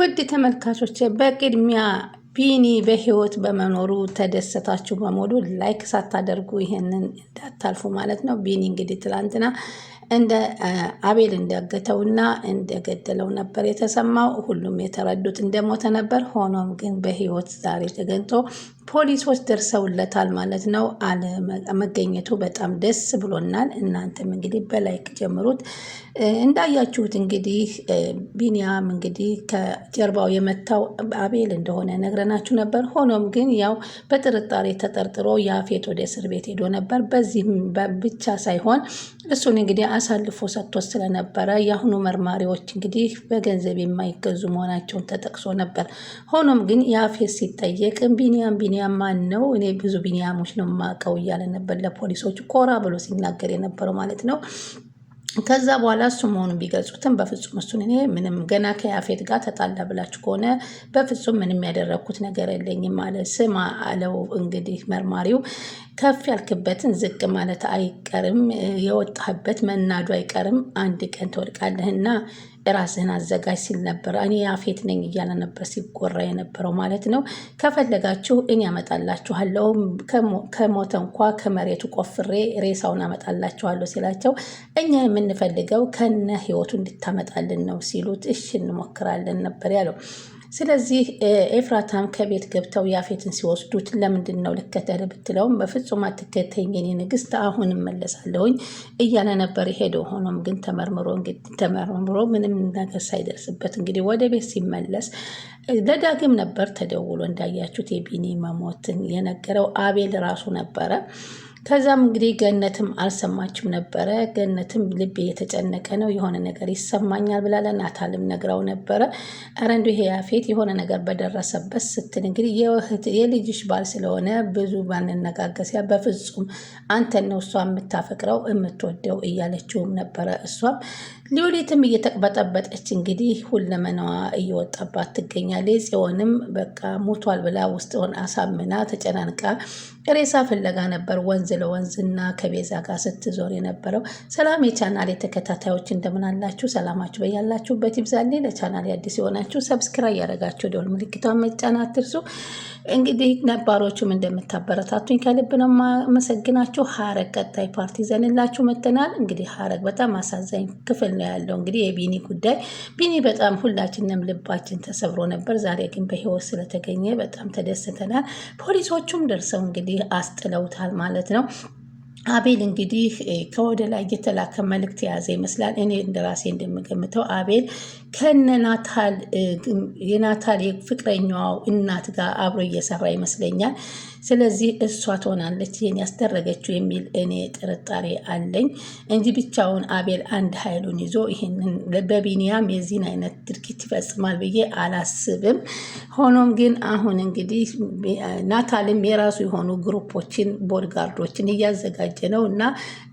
ውድ ተመልካቾች በቅድሚያ ቢኒ በህይወት በመኖሩ ተደሰታችሁ በሙሉ ላይክ ሳታደርጉ ይሄንን እንዳታልፉ ማለት ነው። ቢኒ እንግዲህ ትላንትና እንደ አቤል እንዳገተውና እንደገደለው ነበር የተሰማው። ሁሉም የተረዱት እንደሞተ ነበር። ሆኖም ግን በህይወት ዛሬ ተገኝቶ ፖሊሶች ደርሰውለታል ማለት ነው። አለመገኘቱ በጣም ደስ ብሎናል። እናንተም እንግዲህ በላይክ ጀምሩት። እንዳያችሁት እንግዲህ ቢኒያም እንግዲህ ከጀርባው የመታው አቤል እንደሆነ ነግረናችሁ ነበር። ሆኖም ግን ያው በጥርጣሬ ተጠርጥሮ ያፌት ወደ እስር ቤት ሄዶ ነበር። በዚህም ብቻ ሳይሆን እሱን እንግዲህ አሳልፎ ሰጥቶ ስለነበረ የአሁኑ መርማሪዎች እንግዲህ በገንዘብ የማይገዙ መሆናቸውን ተጠቅሶ ነበር። ሆኖም ግን የአፌት ሲጠየቅ ቢኒያም ቢኒያም ማን ነው? እኔ ብዙ ቢኒያሞች ነው የማውቀው እያለ ነበር ለፖሊሶች ኮራ ብሎ ሲናገር የነበረው ማለት ነው። ከዛ በኋላ እሱ መሆኑን ቢገልጹትም በፍጹም እሱን እኔ ምንም ገና ከያፌት ጋር ተጣላ ብላችሁ ከሆነ በፍጹም ምንም ያደረግኩት ነገር የለኝም አለ። ስማ አለው እንግዲህ መርማሪው ከፍ ያልክበትን ዝቅ ማለት አይቀርም፣ የወጣህበት መናዱ አይቀርም። አንድ ቀን ትወድቃለህና ራስህን አዘጋጅ ሲል ነበር። እኔ ያፌት ነኝ እያለ ነበር ሲጎራ የነበረው ማለት ነው። ከፈለጋችሁ እኔ አመጣላችኋለሁ፣ ከሞተ እንኳ ከመሬቱ ቆፍሬ ሬሳውን አመጣላችኋለሁ ሲላቸው እኛ የምንፈልገው ከነ ህይወቱ እንድታመጣልን ነው ሲሉት እሽ እንሞክራለን ነበር ያለው። ስለዚህ ኤፍራታም ከቤት ገብተው ያፌትን ሲወስዱት ለምንድን ነው ልከተል ብትለውም በፍጹም አትከተኝ የኔ ንግስት፣ አሁን እመለሳለሁኝ እያለ ነበር ሄደው። ሆኖም ግን ተመርምሮ ተመርምሮ ምንም ነገር ሳይደርስበት እንግዲህ ወደ ቤት ሲመለስ ለዳግም ነበር ተደውሎ እንዳያችሁት የቢኒ መሞትን የነገረው አቤል ራሱ ነበረ። ከዛም እንግዲህ ገነትም አልሰማችም ነበረ። ገነትም ልቤ የተጨነቀ ነው የሆነ ነገር ይሰማኛል ብላ ለናታልም ነግራው ነበረ። ኧረ እንዲሁ ይሄ ያፌት የሆነ ነገር በደረሰበት ስትል እንግዲህ የልጅሽ ባል ስለሆነ ብዙ ባንነጋገሲያ በፍጹም አንተን ነው እሷ የምታፈቅረው የምትወደው እያለችውም ነበረ እሷም ሉሊትም እየተቅበጠበጠች እንግዲህ ሁለመናዋ እየወጣባት ትገኛለች። ጽዮንም በቃ ሞቷል ብላ ውስጥውን አሳምና ተጨናንቃ ሬሳ ፍለጋ ነበር ወንዝ ለወንዝ እና ከቤዛ ጋር ስትዞር የነበረው። ሰላም የቻናል የተከታታዮች እንደምን አላችሁ? ሰላማችሁ በያላችሁበት ይብዛልኝ። ለቻናል አዲስ የሆናችሁ ሰብስክራይብ ያደረጋችሁ ደወል ምልክቷን መጫን አትርሱ። እንግዲህ ነባሮቹም እንደምታበረታቱኝ ከልብ ነው የማመሰግናችሁ። ሀረግ ቀጣይ ፓርቲ ዘንላችሁ መጥተናል። እንግዲህ ሀረግ በጣም አሳዛኝ ክፍል ነው። ነው ያለው። እንግዲህ የቢኒ ጉዳይ ቢኒ በጣም ሁላችንም ልባችን ተሰብሮ ነበር። ዛሬ ግን በህይወት ስለተገኘ በጣም ተደስተናል። ፖሊሶቹም ደርሰው እንግዲህ አስጥለውታል ማለት ነው። አቤል እንግዲህ ከወደ ላይ የተላከ መልእክት የያዘ ይመስላል። እኔ እንደራሴ እንደምገምተው አቤል ከነ የናታል የፍቅረኛው እናት ጋር አብሮ እየሰራ ይመስለኛል። ስለዚህ እሷ ትሆናለች ይህን ያስደረገችው የሚል እኔ ጥርጣሬ አለኝ እንጂ ብቻውን አቤል አንድ ኃይሉን ይዞ ይህንን በቢኒያም የዚህን አይነት ድርጊት ይፈጽማል ብዬ አላስብም። ሆኖም ግን አሁን እንግዲህ ናታልም የራሱ የሆኑ ግሩፖችን ቦድጋርዶችን እያዘጋጀ እያዘጋጀ ነው እና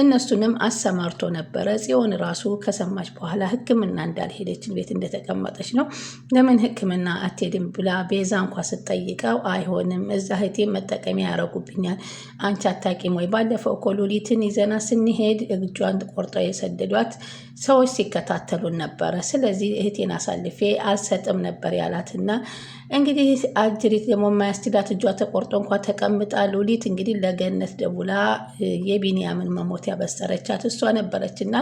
እነሱንም አሰማርቶ ነበረ። ጽዮን ራሱ ከሰማች በኋላ ሕክምና እንዳልሄደች ቤት እንደተቀመጠች ነው። ለምን ሕክምና አትሄድም ብላ ቤዛ እንኳ ስትጠይቀው አይሆንም፣ እዛ እህቴ መጠቀሚያ ያረጉብኛል። አንቺ አታቂም ወይ? ባለፈው ኮሎሊትን ይዘና ስንሄድ እጇን ቆርጠው የሰደዷት ሰዎች ሲከታተሉን ነበረ። ስለዚህ እህቴን አሳልፌ አልሰጥም ነበር ያላትና እንግዲህ አጅሪት ደግሞ የማያስችላት እጇ ተቆርጦ እንኳ ተቀምጣ ሉሊት እንግዲህ ለገነት ደውላ የቢንያምን መሞት ያበሰረቻት እሷ ነበረች እና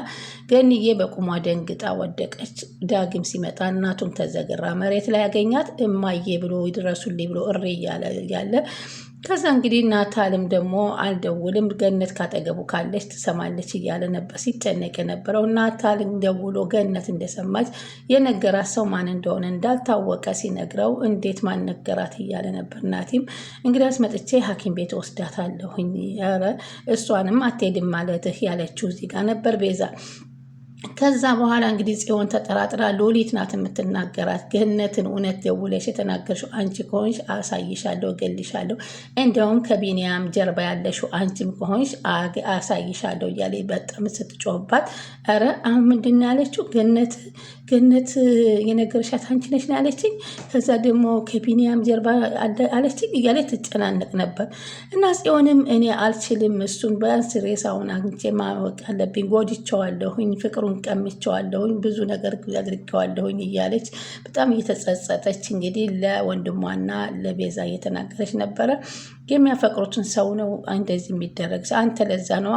ገንዬ በቁሟ ደንግጣ ወደቀች። ዳግም ሲመጣ እናቱም ተዘግራ መሬት ላይ ያገኛት እማዬ ብሎ ይድረሱልኝ ብሎ እሪ እያለ ከዛ እንግዲህ ናታልም ደግሞ አልደውልም ገነት ካጠገቡ ካለች ትሰማለች እያለ ነበር ሲጨነቅ የነበረው። ናታልን ደውሎ ገነት እንደሰማች የነገራት ሰው ማን እንደሆነ እንዳልታወቀ ሲነግረው እንዴት ማን ነገራት እያለ ነበር። ናቲም እንግዲህ አስመጥቼ ሐኪም ቤት ወስዳታለሁኝ፣ ኧረ እሷንም አትሄድም ማለትህ ያለችው እዚህ ጋር ነበር ቤዛ ከዛ በኋላ እንግዲህ ጽዮን ተጠራጥራ ሎሊት ናት የምትናገራት። ገነትን እውነት ደውለሽ የተናገርሽው አንቺ ከሆንሽ አሳይሻለሁ፣ እገልሻለሁ፣ እንዲያውም ከቢንያም ጀርባ ያለሽው አንቺም ከሆንሽ አሳይሻለሁ እያለ በጣም ስትጮህባት፣ ኧረ አሁን ምንድን ነው ያለችው? ገነት ገነት የነገርሻት አንቺ ነሽ ነው ያለችኝ። ከዛ ደግሞ ከቢንያም ጀርባ አለችኝ እያለ ትጨናነቅ ነበር እና ጽዮንም እኔ አልችልም፣ እሱን በያንስ ሬሳውን አግኝቼ ማወቅ አለብኝ፣ ጎድቸዋለሁኝ ፍቅሩ ብሩን ቀምቼዋለሁኝ ብዙ ነገር አድርጌዋለሁኝ እያለች በጣም እየተጸጸተች እንግዲህ ለወንድሟና ለቤዛ እየተናገረች ነበረ። የሚያፈቅሩትን ሰው ነው እንደዚህ የሚደረግ አንተ ለዛ ነው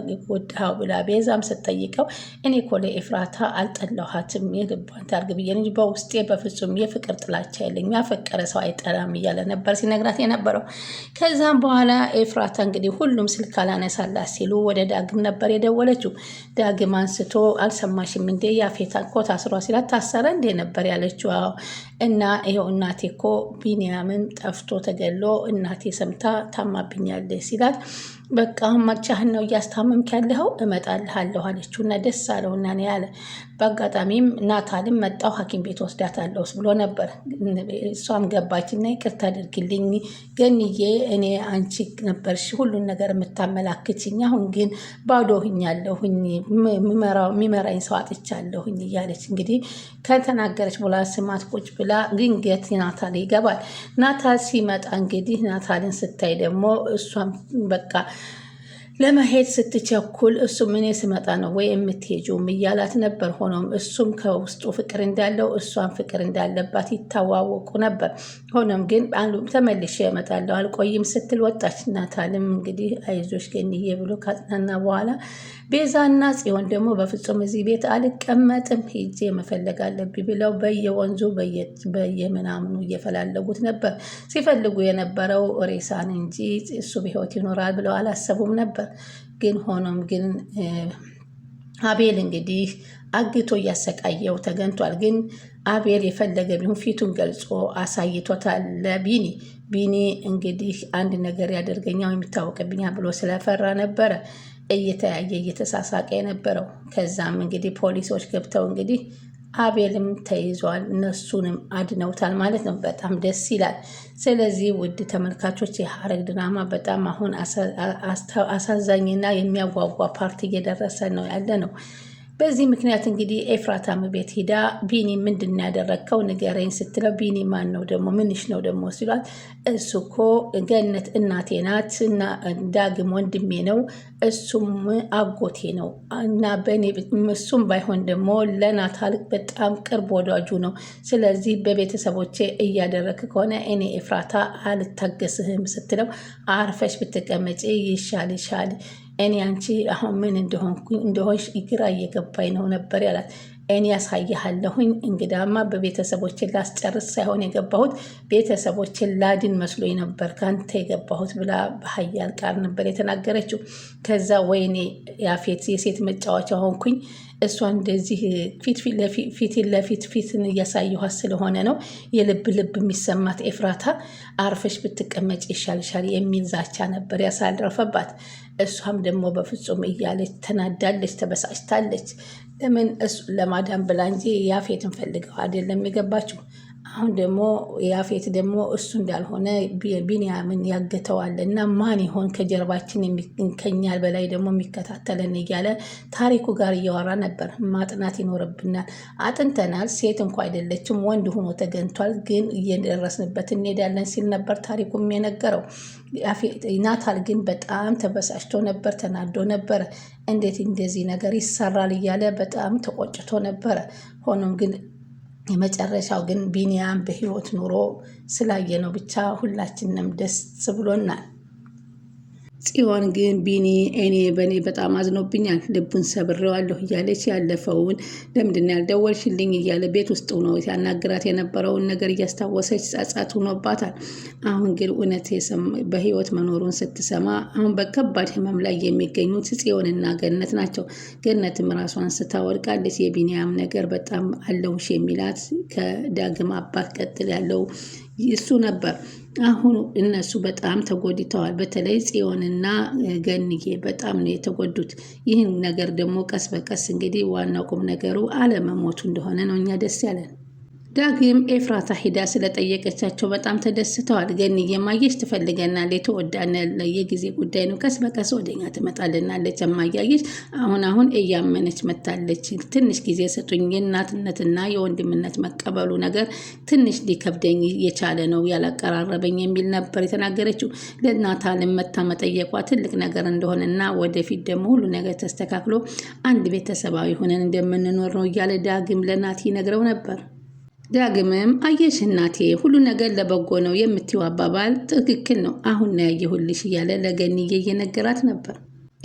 የተጎዳኸው ብላ ቤዛም ስጠይቀው እኔ እኮ ለኤፍራታ አልጠላኋትም የልቧን ታርግ ብዬ እንጂ በውስጤ በፍጹም የፍቅር ጥላቻ የለኝ ያፈቀረ ሰው አይጠላም እያለ ነበር ሲነግራት የነበረው። ከዛም በኋላ ኤፍራታ እንግዲህ ሁሉም ስልክ አላነሳላት ሲሉ ወደ ዳግም ነበር የደወለችው። ዳግ ዳግም አንስቶ አልሰማሽም እንዴ ያፌት እኮ ታስሯ ሲላት ታሰረ እንዴ ነበር ያለችው። አዎ እና ይኸው እናቴ እኮ ቢንያምን ጠፍቶ ተገሎ እናቴ ሰምታ ታማብኛለች ሲላት በቃ መጫህን ነው እያስታመምክ ያለኸው እመጣልሃለሁ አለችው እና ደስ አለው እና ነው ያለ። በአጋጣሚም ናታልም መጣው ሀኪም ቤት ወስዳታለሁ ብሎ ነበር። እሷም ገባች እና ይቅርታ አድርግልኝ ገንዬ፣ እኔ አንቺ ነበርሽ ሁሉን ነገር የምታመላክችኝ፣ አሁን ግን ባዶ ሁኛለሁኝ የሚመራኝ ሰው አጥቻለሁኝ እያለች እንግዲህ ከተናገረች ብላ ስማት ቁጭ ብላ ድንገት ናታል ይገባል። ናታል ሲመጣ እንግዲህ ናታልን ስታይ ደግሞ እሷም በቃ ለመሄድ ስትቸኩል እሱም እኔ ስመጣ ነው ወይ የምትሄጂውም እያላት ነበር። ሆኖም እሱም ከውስጡ ፍቅር እንዳለው እሷን ፍቅር እንዳለባት ይታዋወቁ ነበር። ሆኖም ግን ተመልሼ እመጣለሁ አልቆይም ስትል ወጣች። ናታልም እንግዲህ አይዞሽ ገንዬ ብሎ ካጽናና በኋላ ቤዛና ጽዮን ደግሞ በፍጹም እዚህ ቤት አልቀመጥም ሄጄ መፈለግ አለብኝ ብለው በየወንዙ በየምናምኑ እየፈላለጉት ነበር። ሲፈልጉ የነበረው ሬሳን እንጂ እሱ በሕይወት ይኖራል ብለው አላሰቡም ነበር። ግን ሆኖም ግን አቤል እንግዲህ አግቶ እያሰቃየው ተገኝቷል። ግን አቤል የፈለገ ቢሆን ፊቱን ገልጾ አሳይቶታል። ቢኒ ቢኒ እንግዲህ አንድ ነገር ያደርገኛው የሚታወቅብኛ ብሎ ስለፈራ ነበረ እየተያየ እየተሳሳቀ የነበረው። ከዛም እንግዲህ ፖሊሶች ገብተው እንግዲህ አቤልም ተይዟል፣ እነሱንም አድነውታል ማለት ነው። በጣም ደስ ይላል። ስለዚህ ውድ ተመልካቾች የሐረግ ድራማ በጣም አሁን አሳዛኝና የሚያጓጓ ፓርቲ እየደረሰ ነው ያለ ነው። በዚህ ምክንያት እንግዲህ ኤፍራታም ቤት ሂዳ ቢኒ ምንድን ያደረግከው ንገረኝ ስትለው ቢኒ ማን ነው ደግሞ ምንሽ ነው ደግሞ ሲሏት እሱ እኮ ገነት እናቴ ናት እና ዳግም ወንድሜ ነው እሱም አጎቴ ነው እና በእኔ እሱም ባይሆን ደግሞ ለናታል በጣም ቅርብ ወዳጁ ነው። ስለዚህ በቤተሰቦቼ እያደረግ ከሆነ እኔ ኤፍራታ አልታገስህም ስትለው አርፈሽ ብትቀመጪ ይሻል ይሻል እኔ አንቺ አሁን ምን እንደሆንሽ ግራ እየገባኝ ነው ነበር ያላት። እኔ ያሳይሃለሁኝ። እንግዳማ በቤተሰቦችን ላስጨርስ ሳይሆን የገባሁት ቤተሰቦችን ላድን መስሎ ነበር ከአንተ የገባሁት ብላ በሀያል ቃል ነበር የተናገረችው። ከዛ ወይኔ ያፌት የሴት መጫወቻ ሆንኩኝ። እሷ እንደዚህ ፊት ለፊት ፊትን እያሳየኋት ስለሆነ ነው የልብ ልብ የሚሰማት ኤፍራታ አርፈሽ ብትቀመጭ ይሻልሻል የሚል ዛቻ ነበር ያሳረፈባት። እሷም ደግሞ በፍጹም እያለች ተናዳለች፣ ተበሳጭታለች። ለምን እሱን ለማዳን ብላ እንጂ ያፌትን ፈልገው አይደለም የገባችው። አሁን ደግሞ ያፌት ደግሞ እሱ እንዳልሆነ ቢንያምን ያገተዋል እና ማን ይሆን ከጀርባችን ከኛ በላይ ደግሞ የሚከታተለን እያለ ታሪኩ ጋር እያወራ ነበር። ማጥናት ይኖርብናል። አጥንተናል። ሴት እንኳ አይደለችም፣ ወንድ ሆኖ ተገኝቷል። ግን እየደረስንበት እንሄዳለን ሲል ነበር ታሪኩም የነገረው። ናታል ግን በጣም ተበሳጭቶ ነበር፣ ተናዶ ነበር እንዴት እንደዚህ ነገር ይሰራል እያለ በጣም ተቆጭቶ ነበረ። ሆኖም ግን የመጨረሻው ግን ቢንያም በህይወት ኑሮ ስላየነው ብቻ ሁላችንም ደስ ብሎናል። ጽዮን ግን ቢኒ እኔ በእኔ በጣም አዝኖብኛል፣ ልቡን ሰብሬዋለሁ እያለች ያለፈውን ለምንድነው ያልደወልሽልኝ እያለ ቤት ውስጥ ሆኖ ያናግራት የነበረውን ነገር እያስታወሰች ጸጸት ሆኖባታል። አሁን ግን እውነት በህይወት መኖሩን ስትሰማ አሁን በከባድ ህመም ላይ የሚገኙት ጽዮንና ገነት ናቸው። ገነትም ራሷን ስታወድቃለች። የቢኒያም ነገር በጣም አለውሽ የሚላት ከዳግም አባት ቀጥል ያለው እሱ ነበር። አሁን እነሱ በጣም ተጎድተዋል። በተለይ ጽዮንና ገንዬ በጣም ነው የተጎዱት። ይህን ነገር ደግሞ ቀስ በቀስ እንግዲህ ዋናው ቁም ነገሩ አለመሞቱ እንደሆነ ነው እኛ ደስ ያለን። ዳግም ኤፍራታ ሂዳ ስለጠየቀቻቸው በጣም ተደስተዋል። ገኒ የማየሽ ትፈልገናለች፣ የተወዳነ የጊዜ ጉዳይ ነው፣ ቀስ በቀስ ወደኛ ትመጣልናለች። የማያየሽ አሁን አሁን እያመነች መታለች። ትንሽ ጊዜ ስጡኝ፣ የእናትነትና የወንድምነት መቀበሉ ነገር ትንሽ ሊከብደኝ የቻለ ነው ያላቀራረበኝ የሚል ነበር የተናገረችው። ለእናት አለም መታ መጠየቋ ትልቅ ነገር እንደሆነና ወደፊት ደግሞ ሁሉ ነገር ተስተካክሎ አንድ ቤተሰባዊ ሆነን እንደምንኖር ነው እያለ ዳግም ለናት ይነግረው ነበር። ዳግምም አየሽ እናቴ፣ ሁሉ ነገር ለበጎ ነው የምትይው አባባል ትክክል ነው። አሁን ነው ያየሁልሽ እያለ ለገኒዬ እየነገራት ነበር።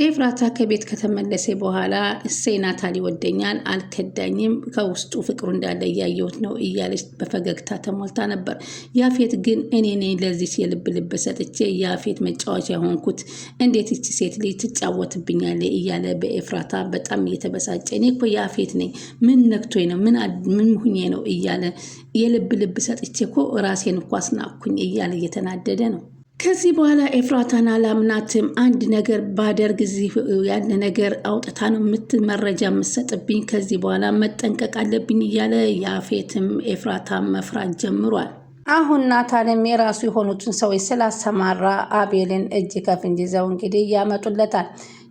ኤፍራታ ከቤት ከተመለሰ በኋላ እሰይ ናታል ይወደኛል፣ አልከዳኝም፣ ከውስጡ ፍቅሩ እንዳለ እያየሁት ነው እያለች በፈገግታ ተሞልታ ነበር። ያፌት ግን እኔ እኔ ለዚች የልብ ልብ ሰጥቼ ያፌት መጫወቻ የሆንኩት እንዴት ይቺ ሴት ልጅ ትጫወትብኛለ እያለ በኤፍራታ በጣም እየተበሳጨ እኔ እኮ ያፌት ነኝ፣ ምን ነክቶኝ ነው? ምን ሁኜ ነው? እያለ የልብ ልብ ሰጥቼ እኮ ራሴን እኮ አስናኩኝ እያለ እየተናደደ ነው። ከዚህ በኋላ ኤፍራታን አላምናትም። አንድ ነገር ባደርግ እዚህ ያለ ነገር አውጥታ ነው መረጃ የምትሰጥብኝ። ከዚህ በኋላ መጠንቀቅ አለብኝ እያለ ያፌትም ኤፍራታን መፍራት ጀምሯል። አሁን ናታልም የራሱ የሆኑትን ሰዎች ስላሰማራ አቤልን እጅ ከፍንጅ ይዘው እንግዲህ ያመጡለታል።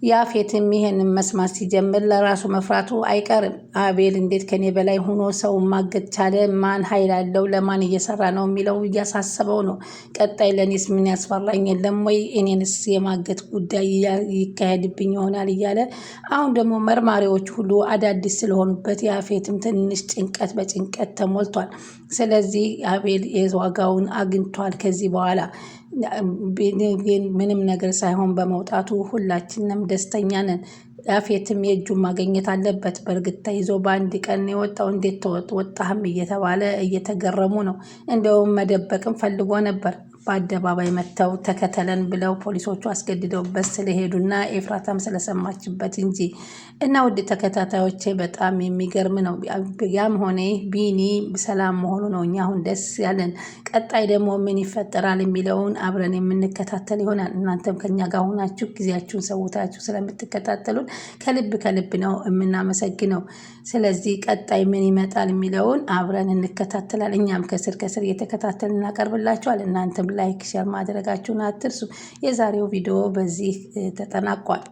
ያፌትም ይሄንን መስማት ሲጀምር ለራሱ መፍራቱ አይቀርም። አቤል እንዴት ከኔ በላይ ሆኖ ሰው ማገት ቻለ? ማን ኃይል አለው? ለማን እየሰራ ነው የሚለው እያሳሰበው ነው። ቀጣይ ለእኔስ ምን ያስፈራኝ የለም ወይ? እኔንስ የማገት ጉዳይ ይካሄድብኝ ይሆናል እያለ አሁን ደግሞ መርማሪዎች ሁሉ አዳዲስ ስለሆኑበት የአፌትም ትንሽ ጭንቀት በጭንቀት ተሞልቷል። ስለዚህ አቤል የዋጋውን አግኝቷል ከዚህ በኋላ ምንም ነገር ሳይሆን በመውጣቱ ሁላችንም ደስተኛ ነን። ያፌትም የእጁን ማግኘት አለበት። በእርግጥ ተይዞ በአንድ ቀን የወጣው እንዴት ወጣህም እየተባለ እየተገረሙ ነው። እንደውም መደበቅም ፈልጎ ነበር። በአደባባይ መጥተው ተከተለን ብለው ፖሊሶቹ አስገድደውበት ስለሄዱና ኤፍራታም ስለሰማችበት እንጂ እና ውድ ተከታታዮቼ በጣም የሚገርም ነው። ያም ሆነ ቢኒ ሰላም መሆኑ ነው እኛ አሁን ደስ ያለን። ቀጣይ ደግሞ ምን ይፈጠራል የሚለውን አብረን የምንከታተል ይሆናል። እናንተም ከኛ ጋር ሆናችሁ ጊዜያችሁን ሰውታችሁ ስለምትከታተሉን ከልብ ከልብ ነው የምናመሰግነው። ስለዚህ ቀጣይ ምን ይመጣል የሚለውን አብረን እንከታተላል። እኛም ከስር ከስር እየተከታተል እናቀርብላችኋል እናንተም ላይክ፣ ሸር ማድረጋችሁን አትርሱ። የዛሬው ቪዲዮ በዚህ ተጠናቋል።